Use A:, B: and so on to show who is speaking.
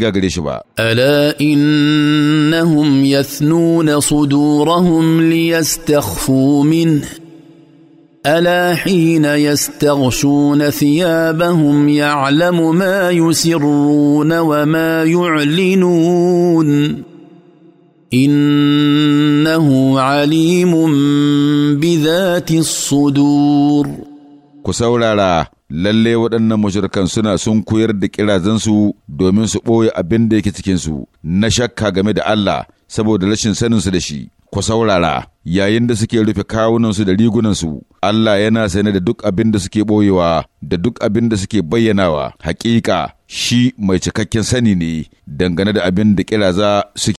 A: ألا
B: إنهم يثنون صدورهم ليستخفوا منه ألا حين يستغشون ثيابهم يعلم ما يسرون وما يعلنون إنه عليم بذات الصدور ku
C: saurara lalle waɗannan mashirkan suna sun koyar da ƙirazansu domin su ɓoye abin da yake cikinsu na shakka game da Allah saboda rashin saninsu da shi ku saurara yayin da suke rufe kawunansu da rigunansu Allah yana sane da duk abin da suke ɓoyewa da duk abin da suke bayyanawa hakika shi mai cikakken sani ne dangane da abin da ƙiraza suke